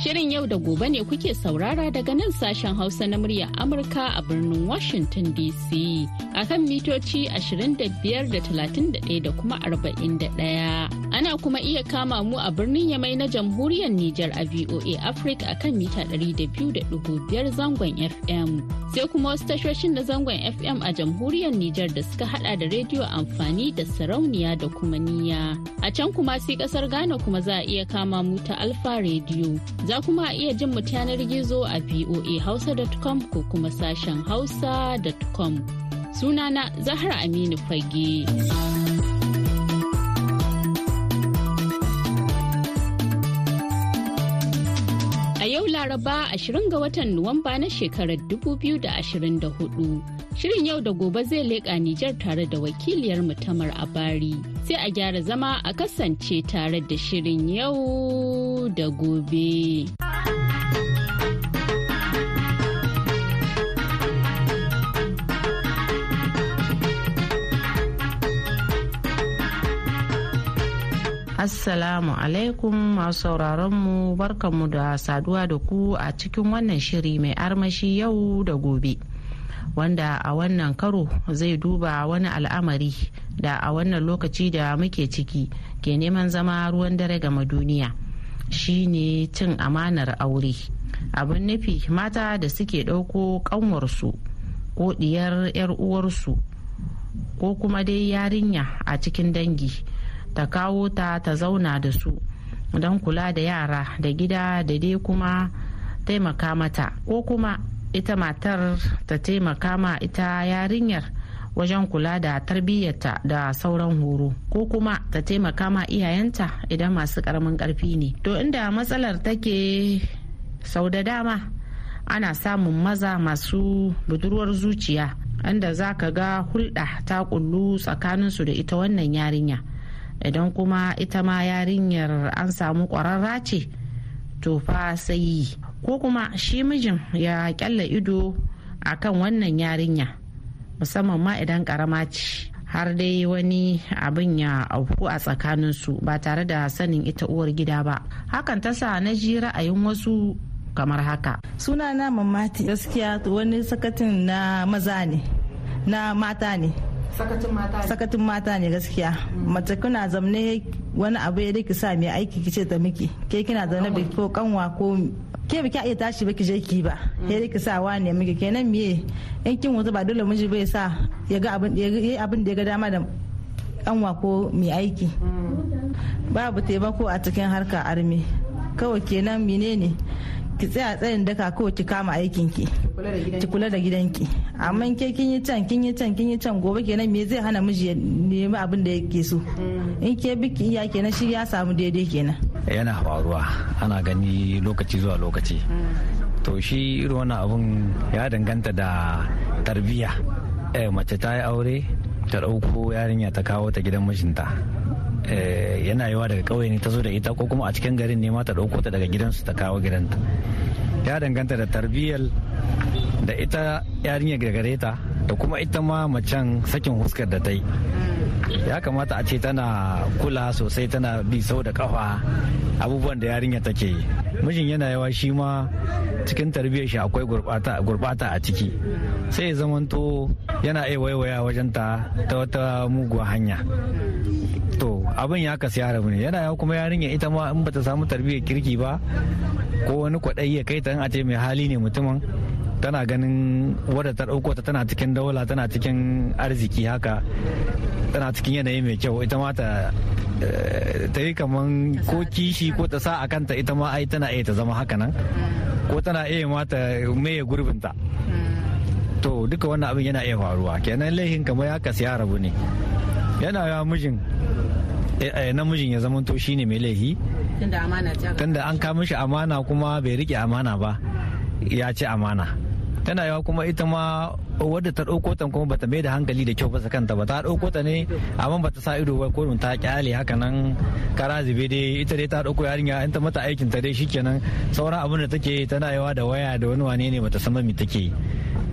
Shirin yau da gobe ne kuke saurara daga nan sashen Hausa na muryar Amurka a birnin Washington DC. a kan mitoci 25 da da kuma 41. Ana kuma iya kama mu a birnin Yamai na jamhuriyar Nijar a VOA Africa a kan mita 200.5 zangon FM. Sai kuma wasu tashoshin na zangon FM a jamhuriyar Nijar da suka hada da rediyo amfani da sarauniya da kuma niya. A can kuma sai kasar Ghana kuma za a iya kama mu ta Alfa Radio. Za kuma a iya jin mu yanar gizo a voa hausa.com ko kuma sashen hausa.com. Sunana Zahra Aminu Fage. A yau Laraba 20 ga watan Nuwamba na shekarar 2024. Shirin yau da gobe zai leƙa Nijar tare da wakiliyar mutamar a bari. Sai a gyara zama a kasance tare da shirin yau da gobe. Assalamu alaikum masu sauraronmu barkanmu da saduwa da ku a cikin wannan shiri mai armashi yau da gobe. Wanda a wannan karo zai duba wani al'amari da a wannan lokaci da muke ciki ke neman zama ruwan dare ga duniya ne cin amanar aure. Abin nufi mata da suke ɗauko ƙanwarsu ko ɗiyar 'yar uwarsu ko kuma dai yarinya a cikin dangi. ta kawo ta ta zauna da su don kula da yara da gida da dai kuma taimaka mata ko kuma ita matar ta taimaka ma ita yarinyar wajen kula da tarbiyyarta da sauran horo ko kuma ta taimaka ma iyayenta idan masu karamin karfi ne to inda matsalar take sau da dama ana samun maza masu budurwar zuciya inda za ka ga hulɗa ta kullu tsakaninsu da ita wannan yarinya idan kuma ita ma yarinyar an samu ƙwararra ce to fa sai yi. ko kuma shi mijin ya kyalla ido a kan wannan yarinya musamman ma idan karama ce har dai wani abin ya auku a tsakaninsu ba tare da sanin ita uwar gida ba hakan ta sa na ji ra'ayin wasu kamar haka suna na mamati gaskiya wani sakatin na maza ne na mata ne sakatun mata ne gaskiya mm. mace kuna zamne wani abu ya rikisa sa mai aiki kice ta miki ke kina zaune bai ko kanwa ko ke biki iya tashi baki je ki ba ya mm. rikisa sa wa ne miki kenan miye in kin wuta ba dole miji bai sa ya ga abin da ya ga dama da kanwa ko mai aiki mm. babu taimako a cikin harka armi kawai kenan menene ne ki tsaya tsayin daka ko ki kama aikin ki ki kula da gidanki amma ke kin yi can kin yi can kin yi can gobe kenan me zai hana miji ya nemi abin da yake so in ke ki iya kenan shi ya samu daidai kenan yana faruwa ana gani lokaci zuwa lokaci to shi irin wannan abun ya danganta da tarbiyya eh, mace ta yi aure ta ɗauko yarinya ta kawo ta gidan mijinta Eh, yana yawa daga kauye ne ta zo da ita ko kuma a cikin garin ne ma ta dauko ta daga gidansu ta kawo gidanta ya danganta da tarbiyyar da ita yarinya gare ta da kuma ita ma macen sakin huskar da ta yi ya kamata a ce tana kula sosai tana bi sau da kafa abubuwan da yarinya take yi mijin yana yawa shi ma cikin tarbiyyar shi akwai gurbata a ciki sai ya zamanto yana iya waiwaya wajen ta ta wata muguwa hanya to abin ya kasu yara ne yana yau kuma yarinya ita ma in bata samu tarbiyyar kirki ba ko wani kwaɗayi ya kai ta a ce mai hali ne mutumin tana ganin wadda ta ɗauko ta tana cikin daula tana cikin arziki haka tana cikin yanayi mai kyau ita ma ta eh, ta yi kaman ko kishi ko ta sa a kanta ita ma ai tana iya ta zama haka nan ko tana iya ma ta maye gurbinta to duka wannan abin yana iya faruwa kenan laihin kamar ya kasu ya rabu ne yana ya mijin Eh, eh, namijin ya zamanto shine mai laifi tunda an kama shi amana kuma bai rike amana ba ya ci amana tana yawa kuma ita ma wadda ta ɗauko ta kuma bata mai da hankali da kyau ba kanta ba ta ɗauko ta ne amma bata sa ido ba ko ta kyale haka nan kara zube dai ita dai ta ɗauko yarinya in ta mata aikin ta dai shikenan sauran abin da take tana yawa da waya da wani wane ne bata san me take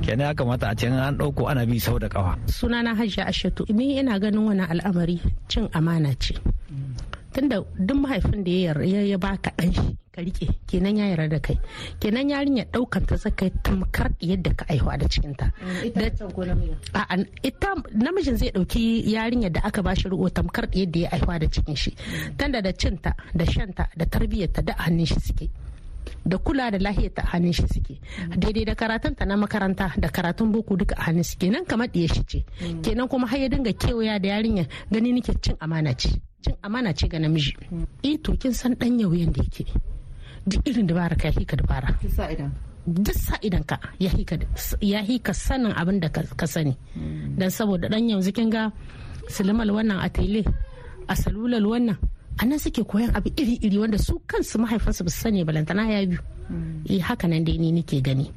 kenan ya kamata a ce an ɗauko ana bi sau da ƙawa. sunana hajji ashatu ni ina ganin wani al'amari cin amana ce tunda duk mahaifin da ya ya baka ɗan shi ka rike kenan ya yarda da kai kenan yarinya ɗaukan ta saka tamkar yadda ka aihuwa mm, da cikinta ita namijin zai ɗauki yarinya da aka ba shi ruwa tamkar yadda ya aihuwa da cikin shi mm. tunda da cinta da shanta da tarbiyyarta da hannun shi suke da kula da lahiyar ta hannun shi suke daidai da karatun ta na makaranta da karatun boko duka a hannun suke kenan kamar ɗiya shi ce mm. kenan kuma har ya dinga kewaya da yarinya gani nake cin amana ce cin amana ce ga namiji mm. eh to kin san dan yauyan da yake duk irin dabara ka hika dabara duk sa idan ka ya hika sanin abin da ka sani mm. Dan saboda dan yanzu kin ga sulmal wannan a tele a salulal wannan a nan suke koyan abu iri-iri wanda su kansu mahaifansu ba su sani balantana ya biyu mm. eh haka nan dai ni nake gani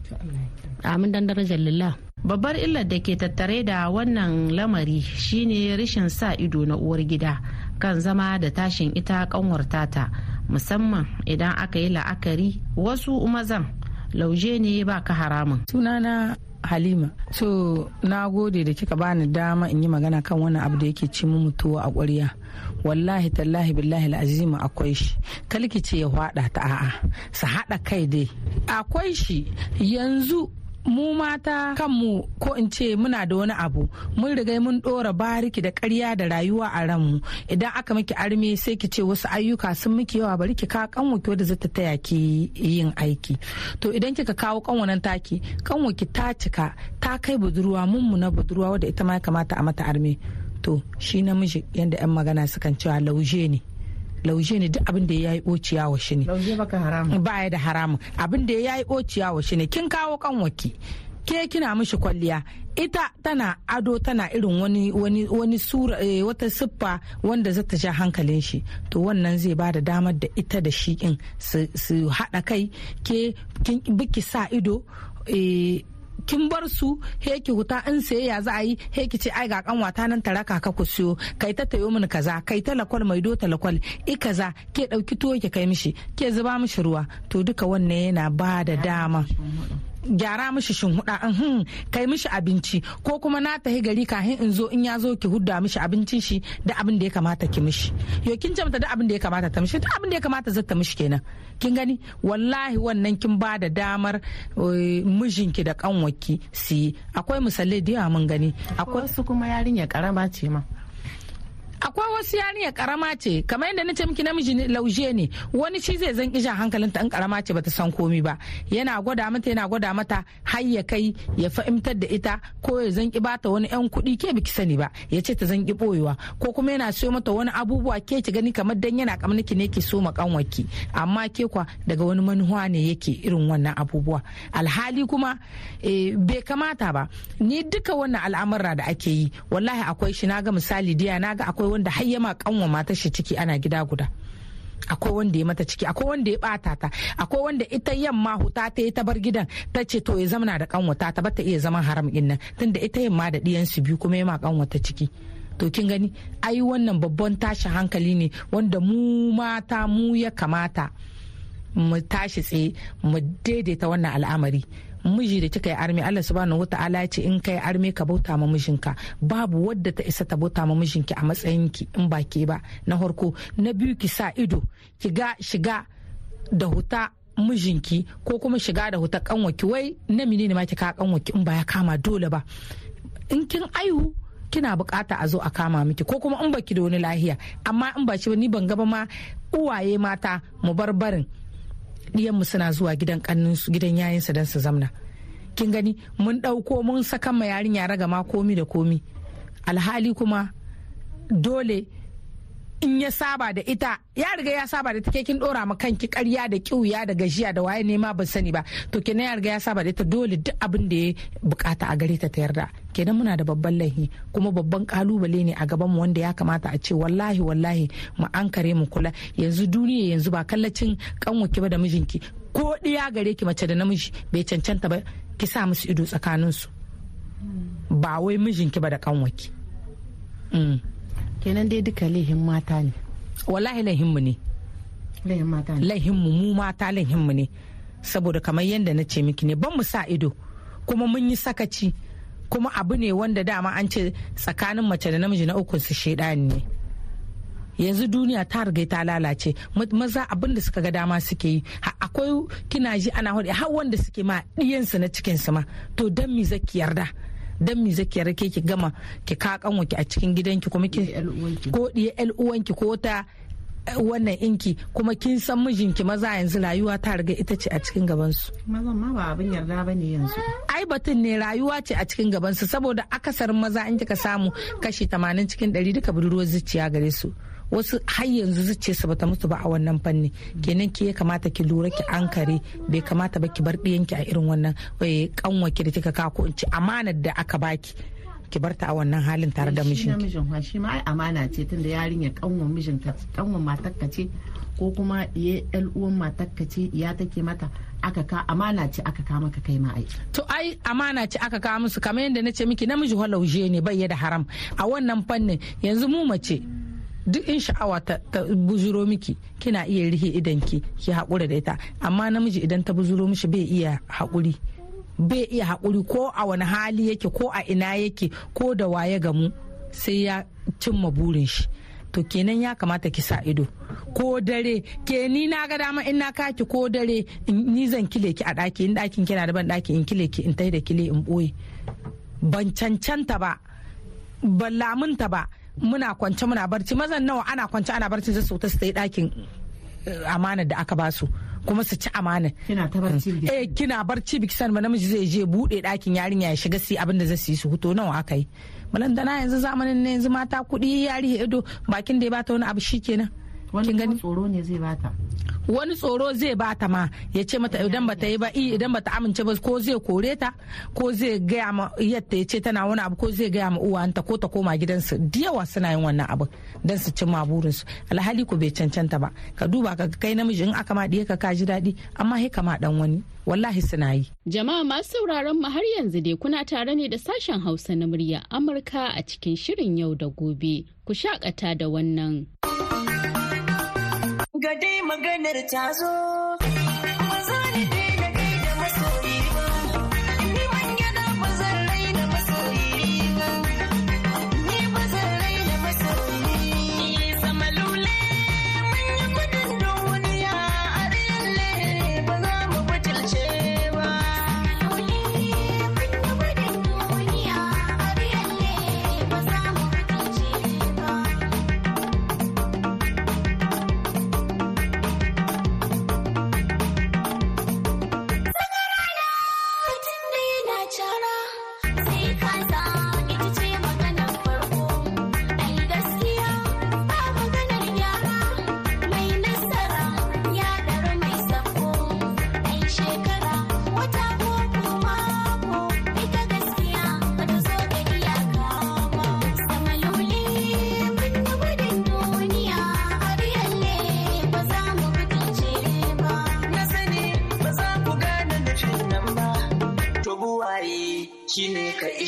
amin dan darajar lillah babbar illar da ke tattare da wannan lamari shine rashin sa ido na uwar gida kan zama da tashin ita kanwar tata musamman idan aka yi la'akari wasu mazan lauje ne ba ka haramun sunana halima so na gode da kika bani dama in yi magana kan wani abu da yake ci mu tuwo a ƙwarya wallahi tallahi billahi al'azima akwai shi kalki ce ya hwada ta a'a su haɗa kai dai akwai shi yanzu mu mata kanmu ko in ce muna da wani abu mun riga mun dora bariki da karya da rayuwa a ranmu idan aka miki arme sai ki ce wasu ayyuka sun miki yawa bari ki ka kanwa ki wadda zata taya ki yin aiki to idan kika kawo kanwa nan taki kanwa ki ta cika ta kai budurwa mun mu na budurwa wadda ita ma ya kamata a mata arme to shi namiji yadda 'yan magana sukan cewa lauje ne lauje ne duk abin da ya yi ociya wa shi ne lauje baka haramu baya da haramu abin da ya yi ociya wa shi ne kin kawo kanwaki ke kina mishi kwalliya ita tana ado tana irin wani wani wani sura eh, wata siffa wanda zata ja hankalin shi to wannan zai ba da damar da ita da shi in su hada kai ke biki sa ido eh, kin bar su heki huta in sayayya za a yi he ce ai ga kanwata nan ta raka ka ku siyo kai ta tayo mini kaza kai ta lakwal mai do ta lakwal i kaza ke dauki tuwo ki kai mishi ke zuba mishi ruwa to duka wannan yana ba da dama gyara mishi shinhuda hmm kai mishi abinci ko kuma na tahi gari kafin in zo in ya zo ki hudda mishi abincin shi da abin da ya kamata ki mishi yo kin jamta da abin da ya kamata ta mishi da abin da ya kamata zata mishi kenan kin gani wallahi wannan kin ba da damar eh, mijinki da kanwarki si akwai misalai da yawa mun gani akwai su kuma yarinya karama ce ma akwai wasu yarinya karama ce kamar yadda ce miki namiji lauje ne wani shi zai zan kishin hankalinta in karama ce bata san komi ba yana gwada mata yana gwada mata har ya kai ya fahimtar da ita ko ya zan ki bata wani yan kuɗi ke biki sani ba ya ce ta zan ki boyewa ko kuma yana so mata wani abubuwa ke ki gani kamar dan yana kamar niki ne ki so ma kanwaki amma ke kwa daga wani manuwa ne yake irin wannan abubuwa alhali kuma eh, bai kamata ba ni duka wannan al'amura da ake yi wallahi akwai shi naga misali diya naga akwai akwai wanda har yama kanwa mata shi ciki ana gida guda akwai wanda ya mata ciki akwai wanda ya bata ta akwai wanda ita yamma huta ta yi ta bar gidan ta ce to ya zamana da kanwata ta bata iya zaman haram din nan tunda ita yamma da diyan su biyu kuma yamma kanwata ciki to kin gani ai wannan babban tashi hankali ne wanda mu mata mu ya kamata mu tashi tsaye mu daidaita wannan al'amari miji da kika yi arme Allah subhanahu wata'ala ya ce in kai armi ka bauta ma mijinka babu wadda ta isa ta bauta ma mijinki a matsayin ki in ba ke ba na farko na biyu ki sa ido ki ga shiga da huta mijinki ko kuma shiga da huta kanwaki wai na ne ma ki ka kanwaki in ba ya kama dole ba in kin aihu kina bukata a zo a kama miki ko kuma in baki da wani lahiya amma in ba shi ni ban gaba ma uwaye mata mu bar barin diyanmu suna zuwa gidan su gidan yayinsu dan su zamna kin gani mun ɗauko mun saka ma yarinya ragama komi da komi alhali kuma dole in ya saba da ita ya riga ya saba da take kin dora ma kanki karya da kiuya da gajiya da waye nema ban sani ba to kenan ya riga ya saba da ita dole duk abin da ya bukata a gare ta ta yarda kenan muna da babban laifi kuma babban kalubale ne a gaban mu wanda ya kamata a ce wallahi wallahi mu an mu kula yanzu duniya yanzu ba kallacin kanwaki ba da mijinki ko ɗiya gare ki mace da namiji bai cancanta ba ki sa musu ido tsakaninsu ba wai mijinki ba da kanwaki mm. kenan dai duka laihin mata ne wallahi laihin mu ne laihin mu mu mata laihin mu ne saboda kamar yadda na ce miki ne ban mu sa ido kuma mun yi sakaci kuma abu ne wanda dama an ce tsakanin mace da namiji na uku su shedani ne yanzu duniya ta riga ta lalace maza abin da suka ga dama suke yi akwai kina ji ana hudu har wanda suke ma diyansu na cikin su ma to dan mi zaki yarda dan mi zaki rake ki gama ki ka ki a cikin gidanki kuma ki ko diye uwanki ko ta eh, wannan inki kuma kin san mijinki maza yanzu rayuwa ta riga ita ce a cikin su Mazan ma ba abin yarda ba ne yanzu. Ai batun ne rayuwa ce a cikin su saboda akasarin maza in kika samu kashi 80 cikin 100 duka budurwar zuciya gare su. wasu har yanzu zuce su bata musu ba a wannan fanni kenan ki ya kamata ki lura ki ankare bai kamata ba ki bar ɗiyanki a irin wannan kanwaki eh, da kika kako in ci amanar da aka baki ki bar ta a wannan halin tare da mijin namijin shi ma ai amana ce tunda yarinya kanwan mijin ka kanwan ka ce ko kuma ya yan uwan ka ce ya take mata aka ka amana ce aka ka maka kai ma ai to ai amana ce aka ka musu kamar yadda nace miki namiji halauje ne bai da haram a wannan fannin yanzu mu mace duk in sha'awa ta, bujuro miki kina iya rihe idan ki haƙura da ita amma namiji idan ta bujuro mishi bai iya haƙuri bai iya haƙuri ko a wani hali yake ko a ina yake ko da waye gamu sai ya cimma burin shi to kenan ya kamata ki sa ido ko dare ke ni na ga dama in na kaki ko dare ni zan kile ki a ɗaki in ɗakin kina da ban ɗaki in kile ki in tai da kile in ɓoye ban cancanta ba ban lamunta ba muna kwance muna barci mazan nawa ana kwance ana barci su ta sai yi dakin eh, amana da aka basu kuma su ci Kina ta barci eh kina barci biki san ba namiji zai je bude dakin yarinya ya shiga si abin da zai su huto nawa aka yi na yanzu zamanin ne yanzu mata kuɗi yari ido bakin da ya bata wani abu shikenan wani tsoro ne zai bata wani tsoro bata ma ya ce mata idan bata yi ba idan bata amince ba ko zai kore ta ko zai gaya ma yadda ya ce tana wani abu ko zai gaya ma uwanta ko ta koma gidansu da yawa suna yin wannan abu don su ma burinsu alhali ku bai cancanta ba ka duba ka kai namiji in aka ma ka ka ji daɗi amma he kama dan wani wallahi suna yi. Jama'a masu sauraron mu har yanzu dai kuna tare ne da sashen Hausa na murya Amurka a cikin shirin yau da gobe. Ku shakata da wannan. Gade maganar ta zo.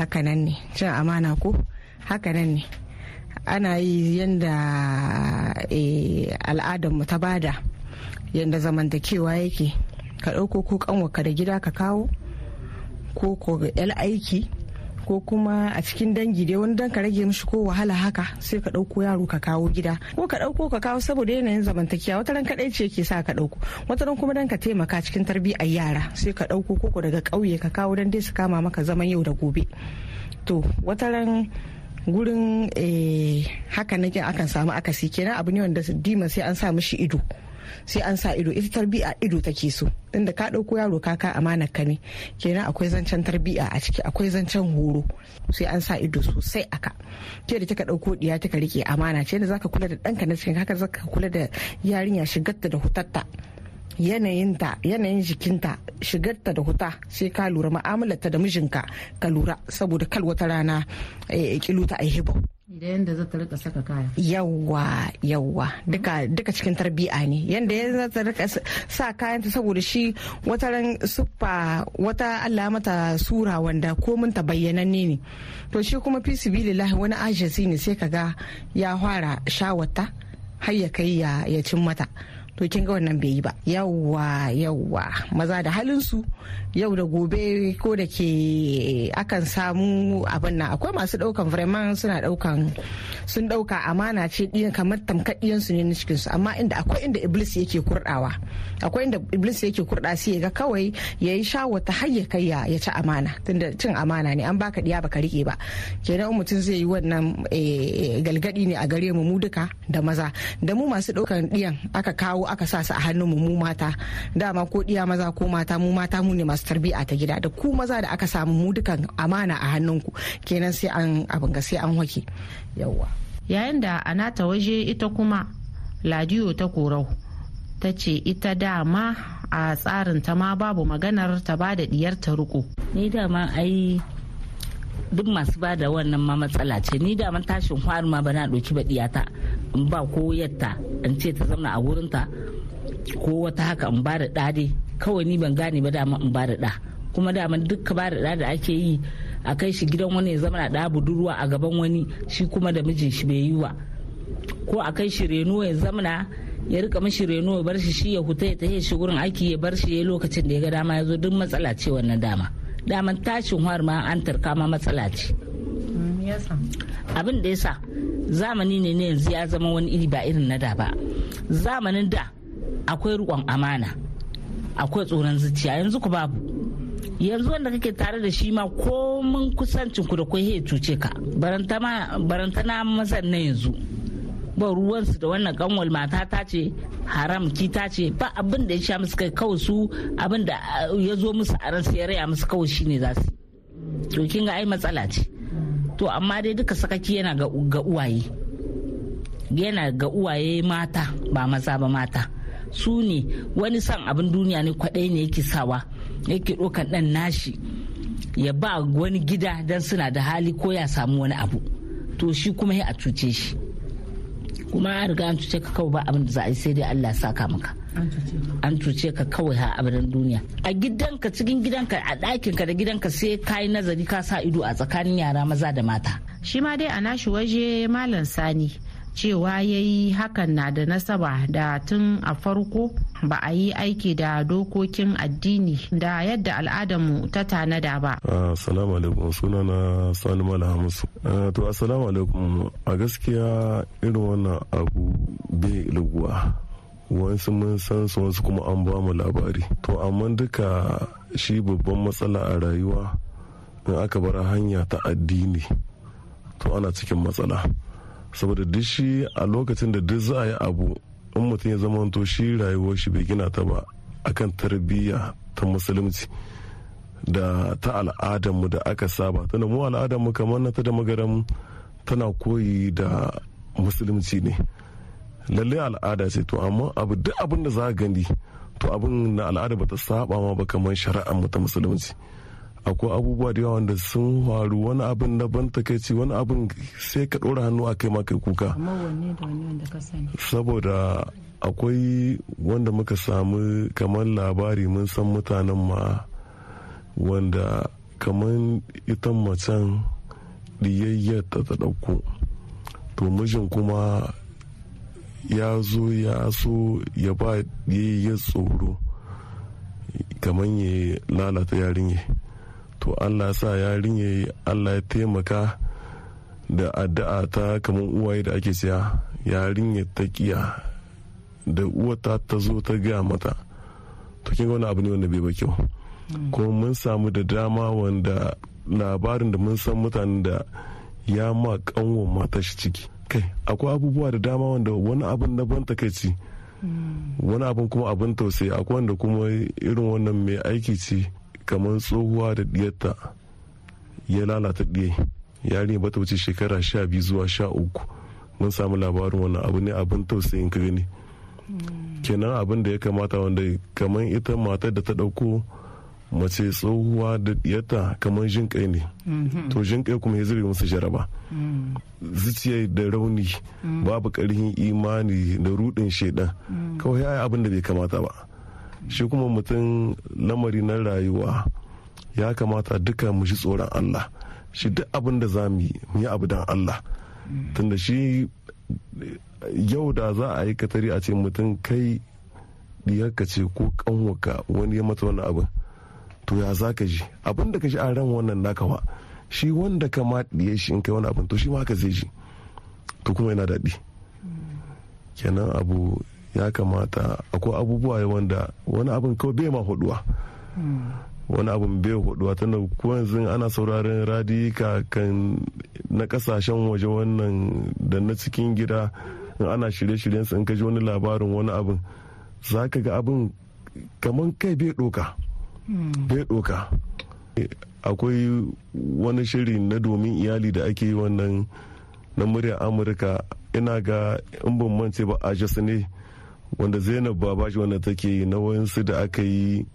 hakanan ne cin amana ko hakanan ne ana yi yadda eh, al'adarmu ta bada yadda zamantakewa yake ka ɗauko ko ka da gida ka kawo ko ko aiki ko kuma a cikin dangi dai wani dan ka rage mishi ko wahala haka sai ka ɗauko yaro ka kawo gida ko ka ɗauko ka kawo saboda yanayin zamantakewa wata ran kaɗai ce ke sa ka ɗauko wata ran kuma dan ka taimaka cikin tarbiyyar yara sai ka ɗauko ko daga ƙauye ka kawo dan dai su kama maka zaman yau da gobe to wata ran gurin eh, haka nake akan samu akasi kenan abu ne wanda dima sai an sa mishi ido sai an sa ido ita tarbiya ido take so inda ka dauko yaro kaka amanar ka ne kenan akwai zancen tarbiya a ciki akwai zancen horo sai an sa ido sosai aka ke da kika dauko ɗiya kika rike amana ce da zaka kula da danka na cikin haka zaka kula da yarinya shigar da hutatta yanayinta yanayin jikinta shigarta da huta sai ka lura ma'amalarta da mijinka ka lura saboda kal wata rana kilota eh, a hibau yadda za ta rika saka kaya yawwa yawwa duka duka cikin tarbiya ne yadda ya za ta rika sa kayanta saboda shi wata ran suffa wata Allah mata sura wanda komin ta bayyananne ne to shi kuma fi sibilillahi wani ajasi ne sai kaga ya fara shawata har ya kai ya cin mata to kin ga wannan bai yi ba yawwa yawwa maza da halin su yau da gobe ko da ke akan samu abin nan akwai masu daukan vraiment suna daukan sun dauka amana ce din kamar tamkar ɗiyan su ne na cikin su amma inda akwai inda iblis yake kurdawa akwai inda iblis yake kurda sai ga kawai yayi shawo ta hayya kai ya ya ci amana tunda cin amana ne an baka diya baka rike ba kenan mutum zai yi wannan eh, eh, galgadi ne a gare mu mu duka da maza da mu masu daukan ɗiyan aka kawo aka sa su a hannun mu mu mata dama ko ɗiya maza ko mata mu mata mu ne masu tarbiyya ta gida da ku maza da aka samu mu dukan amana a hannunku kenan sai an abin sai an wake yawa. yayin da a nata waje ita kuma ladiyo ta korau ta ce ita dama a tsarin ta ma babu maganar ta ba da diyar ta riko ni dama ai duk masu ba da wannan ma matsala ce ni da man tashin faru ma ba na ɗauki ɗiyata in ba ko yatta in ce ta zama a wurinta ko wata haka in ba da ɗa dai kawai ni ban gane ba dama in ba da ɗa kuma dama duk ka ba da ɗa da ake yi a kai shi gidan wani ya zama da ɗa budurwa a gaban wani shi kuma da mijin shi bai yi wa ko a kai shi reno ya zamana ya rika mashi reno ya bar shi shi ya huta ya tafi shi wurin aiki ya bar shi ya lokacin da ya ga dama ya zo duk matsala ce wannan dama daman tashin war ma an tarkama matsala ce mm, abin da ya sa zamani ne ne yanzu ya zama wani iri ba irin na da ba zamanin da akwai rikon amana akwai tsoron zuciya yanzu ku babu yanzu wanda kake tare da shi ma komin kusancin ku da kai ya cuce ka barantana mazan na yanzu ba ruwansu da wannan kanwal mata ta ce haram ta ce ba abin da ya sha musu kai kawai su abin da uh, ya zo musu a ransu ya raya musu kawai shine za su to kin ga ai matsala ce to amma dai duka sakaki yana ga uwaye yana ga uwaye mata ba maza ba mata su ne wani san abin duniya ne kwaɗai ne yake sawa yake ɗaukan ɗan nashi ya ba wani gida don suna da hali ko ya samu wani abu to shi kuma ya a cuce shi kuma an riga an cuce ka kawai ba abin da za a yi sai dai Allah saka maka an cuce ka kawai ha abadan duniya a gidanka cikin gidanka a ɗakinka da gidanka sai ka yi nazari ka sa ido a tsakanin yara maza da mata shi ma dai a nashi waje malam sani cewa ya yi hakan na da nasaba da tun a farko ba a yi aiki da dokokin addini da yadda al'adarmu ta tanada ba. Ah, assalamu alaikum suna na Sani Hamisu. Ah, to assalamu alaikum a gaskiya irin wannan abu bai luguwa. wasu mun san su wasu kuma an ba mu labari to amma duka shi babban matsala a rayuwa in aka bar hanya ta addini to ana cikin matsala saboda duk shi a lokacin da duk za a yi abu in mutum ya zama to shi rayuwar shi bai gina ta ba akan tarbiyya ta musulunci da ta al'adarmu da aka saba tana mu al'adarmu kamar na ta da magaram tana koyi da musulunci ne lalle al'ada ce to amma abu duk abin da za a gani to abin na al'ada ba ta saba ma ba kamar shari'ar mu ta musulunci akwai abubuwa da yawa wanda sun faru wani abin na ban takaici wani abin sai ka ɗora hannu a kai kai kuka saboda akwai wanda muka samu kamar labari mun san mutanen ma wanda kamar ita macen ɗiyayyar ta ta ɗauko to mijin kuma ya zo ya so ya ba ɗiyayyar tsoro kamar ya lalata yarinya to allah sa yarinye allah ya taimaka da addu'a ta kamar uwaye da ake siya yarinya ta kiya da uwata ta zo ta gaya mata to kin wani abu ne wanda bai ba kyau mm. kuma mun samu da dama wanda labarin da mun san mutanen da ya ma kanwon matar shi ciki kai akwai abubuwa da dama wanda wani abin na ban takaici mm. wani abin kuma abin tausayi akwai wanda kuma irin wannan mai aiki ce kamar tsohuwa da diyarta ya lalata diye yari ba wuce shekara sha biyu zuwa sha uku mun samu labarin wannan abu ne abin tausayin ka gani kenan abin da ya kamata wanda kamar ita matar da ta dauko mace tsohuwa da diyarta kamar jin kai ne mhm. to jin kai kuma ya zube musu jaraba mm. zuciya da rauni mm. babu karhin imani da rudin shaidan mm. kawai yi abin da bai kamata ba shi kuma mutum lamari na rayuwa ya kamata duka mu shi tsoron allah shi duk abin da za mu yi abu don allah tunda shi yau da za a yi katari a ce mutum kai diyarka ce ko kanwaka wani ya mata wani abin to ya za ka ji abin da ka ji a ran wannan naka shi wanda ka ma diye shi in kai wani abin to shi ma ka zai ji to kuma yana daɗi kenan abu ya kamata akwai abubuwa wanda wani abin kawai bai ma huduwa wani abin bai huduwa tana ko yanzu ana sauraron radika kan na kasashen waje wannan da na cikin gida in ana shirye-shiryen su in ka ji wani labarin wani abin za ka ga abin kamar kai bai doka bai doka akwai wani shiri na domin iyali da ake yi wannan na muryar amurka ina ga in ban mance ba a ne wanda zainab babashi wanda take yi na wayansu da aka yi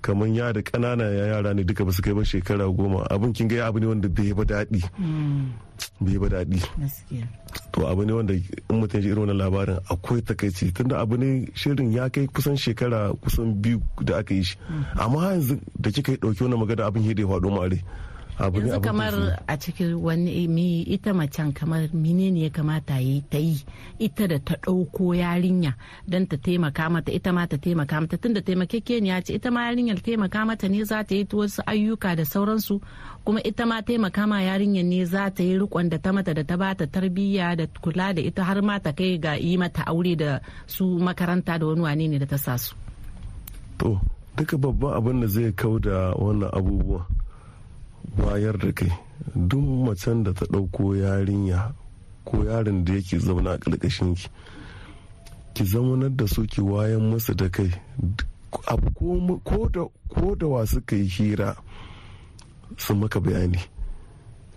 kamar ya da ƙanana yara ne duka ba su kai ba shekara goma abin kin ga abu ne wanda bai ba daɗi hmm. bai ba daɗi to abu ne wanda in mutum ji irin wannan labarin akwai takaici tunda abu ne shirin ya kai kusan shekara kusan biyu da aka yi shi hmm. amma yanzu da kika yi ɗauki wannan magana abin ya da ya faɗo mare yanzu kamar a cikin wani mi ita macen kamar mine ne ya kamata yi ta yi ita da ta ɗauko yarinya don ta taimaka mata ita ma ta taimaka mata tunda ya ce ita ma yarinyar taimaka mata ne za ta yi wasu ayyuka da sauransu kuma ita ma taimaka ma yarinyar ne za ta yi rikon da ta mata da ta ba ta tarbiyya da kula da ita har ma ta kai ga yi mata aure da su makaranta da wani wane ne da ta sa su to duka babban abin da zai kau da wannan abubuwa. wayar da kai duk macen da ta ɗauko yarinya ko yarin da yake zauna a ƙarƙashin ki ki zamanar da su ki wayan musu da kai abu ko da wa suka yi hira su maka bayani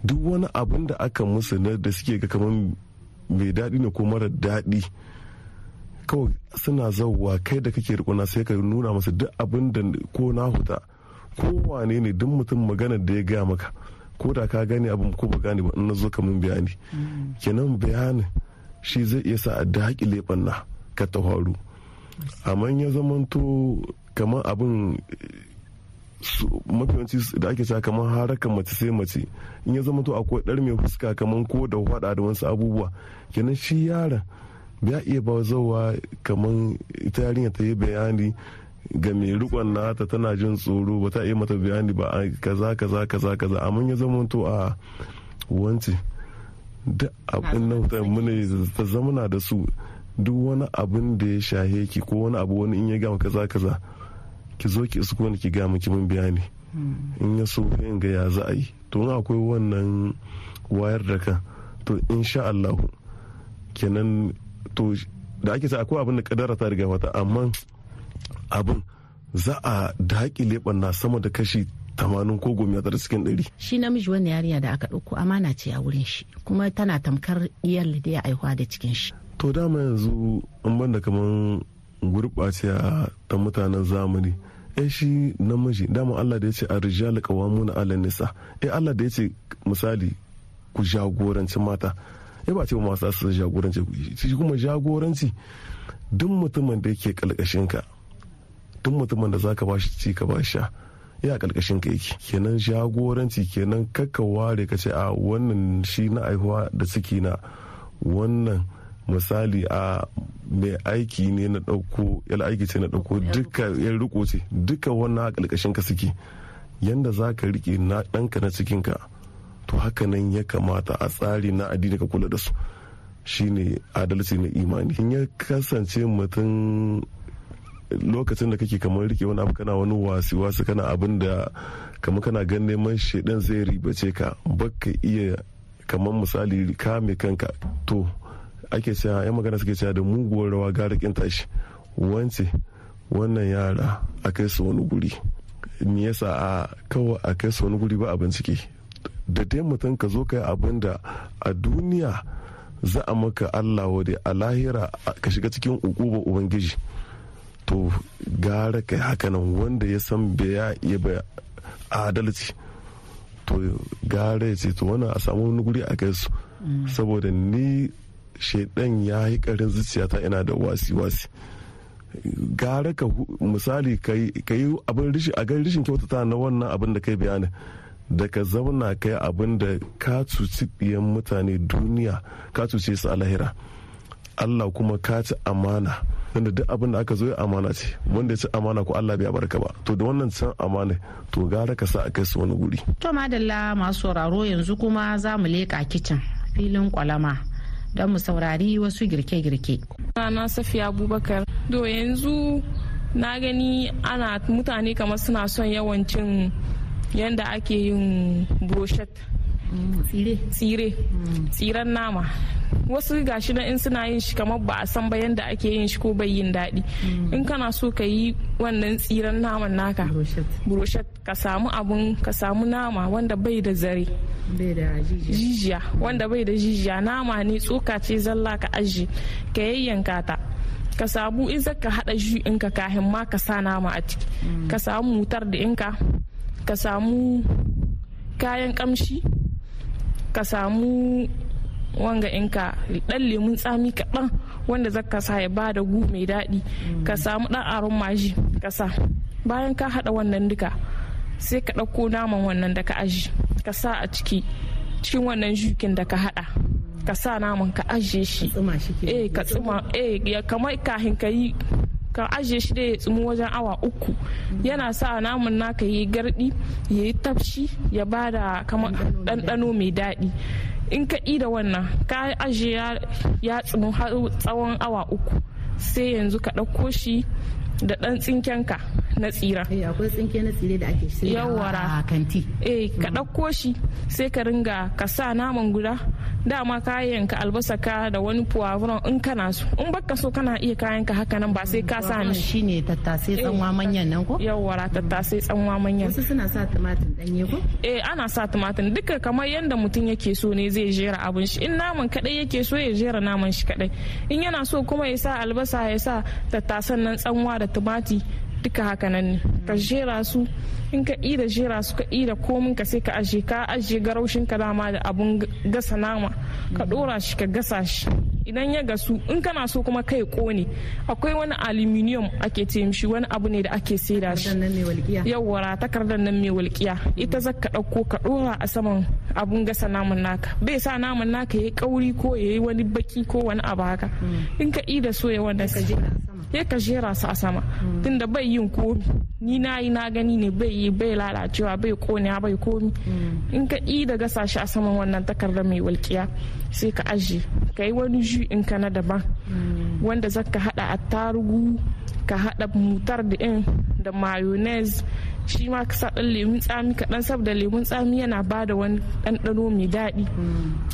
duk wani abin da aka musu na da suke ga kamar mai daɗi ne ko mara daɗi kawai suna zauwa kai da kake rikuna sai ka nuna musu duk abin da ko na huta kowane ne duk mutum magana da ya gaya maka ko da ka gani abin ko ba gane ba in na zo ka min bayani mm. kenan bayanin shi zai iya sa a leɓen na ka ta amma ya to kamar abin mafiyanci da ake sa kamar harakan mace sai mace in ya to akwai ɗar mai fuska kamar ko da faɗa da wasu abubuwa kenan shi yaran ya iya ba zauwa kamar ita yarinya ta yi bayani ga mai rikon nata tana jin tsoro ba ta iya mata bayani ba kaza kaza kaza kaza amma ya zama to a wance da abin nan mune ta zamana da su duk wani abin da ya shahe ki ko wani abu wani in ya gama kaza kaza ki zo ki isko ki gama ki mun bayani in ya so in ga ya za a yi to in akwai wannan wayar da kan to insha Allah kenan to da ake sa akwai abin da kadara ta riga wata amma abin za a daƙile na sama da kashi tamanin ko goma tara cikin ɗari. Shi namiji wani yarinya da aka ɗauko amana ce a wurin shi kuma tana tamkar iyal da ya aihuwa da cikin shi. To dama yanzu in banda kamar gurɓace ta mutanen zamani. Eh shi namiji dama Allah da ya ce a rijal qawamuna ala nisa. Eh Allah da ya ce misali ku jagoranci mata. E ba ce ba masu su jagoranci shi kuma jagoranci duk mutumin da yake kalkashin ka duk mutumin da zaka bashi ci ka bashi sha ya karkashin ka yake kenan jagoranci kenan kakka ware ka ce a wannan shi na aihuwa da suke na wannan misali a mai aiki ne na dauko yal aiki ce na dauko duka yan riko ce duka wannan a karkashin ka suke yanda za ka rike na danka na cikinka to haka nan ya kamata a tsari na addini ka kula da su shine adalci na imani in ya kasance mutum lokacin da kake kamar rike wani abu kana wani wasi wasi kana abin da kamar kana gan neman shaidan zai ribace ka baka iya kamar misali kame kanka to ake cewa yan magana suke cewa da muguwar rawa gara kin tashi wance wannan yara a kai su wani guri me yasa a kawai a kai su wani guri ba a bincike da dai mutum ka zo kai abin da a duniya za a maka Allah wade a lahira ka shiga cikin ukuba ubangiji to gara kai hakanan wanda ya san ya iya bai adalci to gara ya ce to wannan a samu wani guri a kai su mm. saboda ni shaidan ya yi karin zuciya ta ina da wasi-wasi gara ka misali ka yi abin rishi a gan rishin kyautata na wannan abin da kai bayanin da ka zauna kai abin da ka cuci biyan mutane duniya ka cuce su a lahira Allah kuma ka ci amana wanda duk abin da aka zo ya amana ce wanda ya ci amana ko Allah bai barka ba to da wannan san amana to gara ka sa a kai su wani guri to madalla masu sauraro yanzu kuma za mu leka kicin filin kwalama don mu saurari wasu girke-girke sana safiya abubakar do yanzu na gani ana mutane kamar suna son yawancin yanda ake yin brochet Mm, tsire tsire mm. tsiren nama wasu gashi na in suna yin shi kamar ba a san ba da ake yin shi ko bai yin daɗi mm. in kana so ka yi wannan tsiren naman naka brochet ka samu abun ka samu nama wanda bai da zare jijiya wanda bai da jijiya nama ne tsoka ce zalla ka aji ka yayyanka ta ka samu in ka haɗa shi in ka kahin ma ka sa nama a ciki ka samu mutar da ka. ka samu kayan kamshi ka samu wanga inka dan lemun tsami kaɗan wanda zaka sa ya ba da gu mai daɗi ka mm. samu ɗan aron maji ka bayan ka haɗa wannan duka sai ka ɗauko naman wannan da ka aji ka sa a ciki cikin wannan jukin da ka haɗa ka sa naman ka ajiye shi eh ka tsuma eh kamar kahin ka yi ka ajiye shi da ya tsumu wajen awa uku yana sa namun naka yi gardi ya yi tafshi ya bada kamar ɗanɗano mai daɗi in ka ɗi da wannan ka ajiye ya tsumu har tsawon awa uku sai yanzu ka ɗauko shi da ɗan tsinkenka na tsira eh, akwai tsinke na tsire da ake yawara kanti eh ka mm. ɗauko shi sai ka ringa ka sa naman guda dama kayan ka albasa ka da wani puwavuron in kana so in baka so kana iya kayan ka haka nan ba sai ka sa ni. Shi shine tattasai eh, tsanwa manyan nan ko yawara mm. tattasai tsanwa manyan wasu suna sa tumatir danye ko eh ana sa tumatir duka kamar yadda mutum yake so ne zai jera abin shi in naman kadai yake so ya jera naman shi kadai in yana so kuma ya sa albasa ya sa tattasan nan tsanwa da tumati duka haka nan ne ka jera su in ka ida jera su ka ida komin ka sai ka aje ka aje garaushin ka dama da abun gasa nama ka dora shi ka gasa shi idan ya gasu in kana so kuma kai kone akwai wani aluminium ake ce wani abu ne da ake saida shi yawwa takardar nan mai walƙiya ita za ka ɗauko ka ɗora a saman abun gasa naman naka bai sa naman naka ya yi kauri ko ya yi wani baki ko wani abu haka mm. in ka ida so ya wannan ya ka jera su a sama tunda bai yin komi ni na yi na gani ne bai yi bai lalacewa bai konewa bai komi mm. in ka yi da gasa shi a saman wannan takarda mai walkiya sai ka aje ka yi wani ju in ka na daban mm. wanda zaka hada attarugu ka hada mutar da in da mayonnaise shi ma ka sa dan lemun tsami kaɗan saboda lemun tsami yana ba da wani ɗanɗano mai daɗi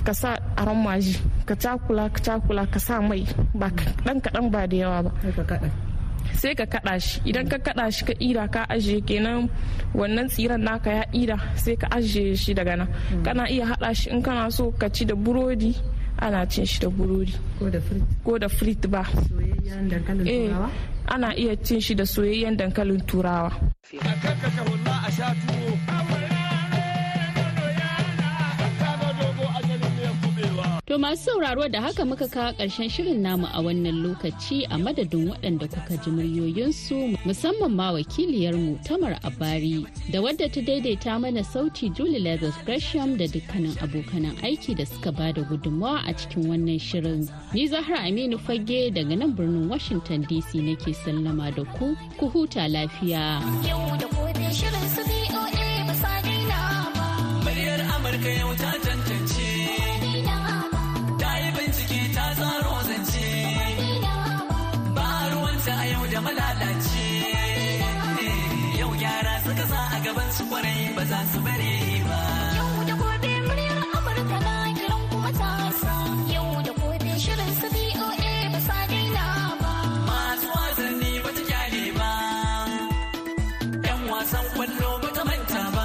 ka sa aran maji ka cakula ka cakula ka sa mai ba kaɗan kaɗan ba da yawa ba sai ka kada shi idan ka kada shi ka ira ka ajiye kenan wannan tsiran naka ya ira sai ka ajiye shi daga nan kana iya hada shi in kana so ka ci da burodi ana cin shi da burodi ko da frit ba ana iya cin shi da soyayyen dankalin turawa. A kanka ka a sha tuwo. To masu sauraro da haka muka kawo ƙarshen shirin namu a wannan lokaci a madadin waɗanda kuka ji muryoyinsu musamman ma wakiliyarmu Tamar Abari da wadda ta daidaita mana sauti Julie Leathers Gresham da dukkanin abokanan aiki da suka ba da gudunmawa a cikin wannan shirin. Ni Zahra Aminu Fagge daga nan birnin Washington DC nake sallama da ku, ku huta lafiya. Yau da shirin su ba sa ba. Muryar Amurka yau ta zama eh, yau yara suka sa a gaban su kwarai ba za su bari.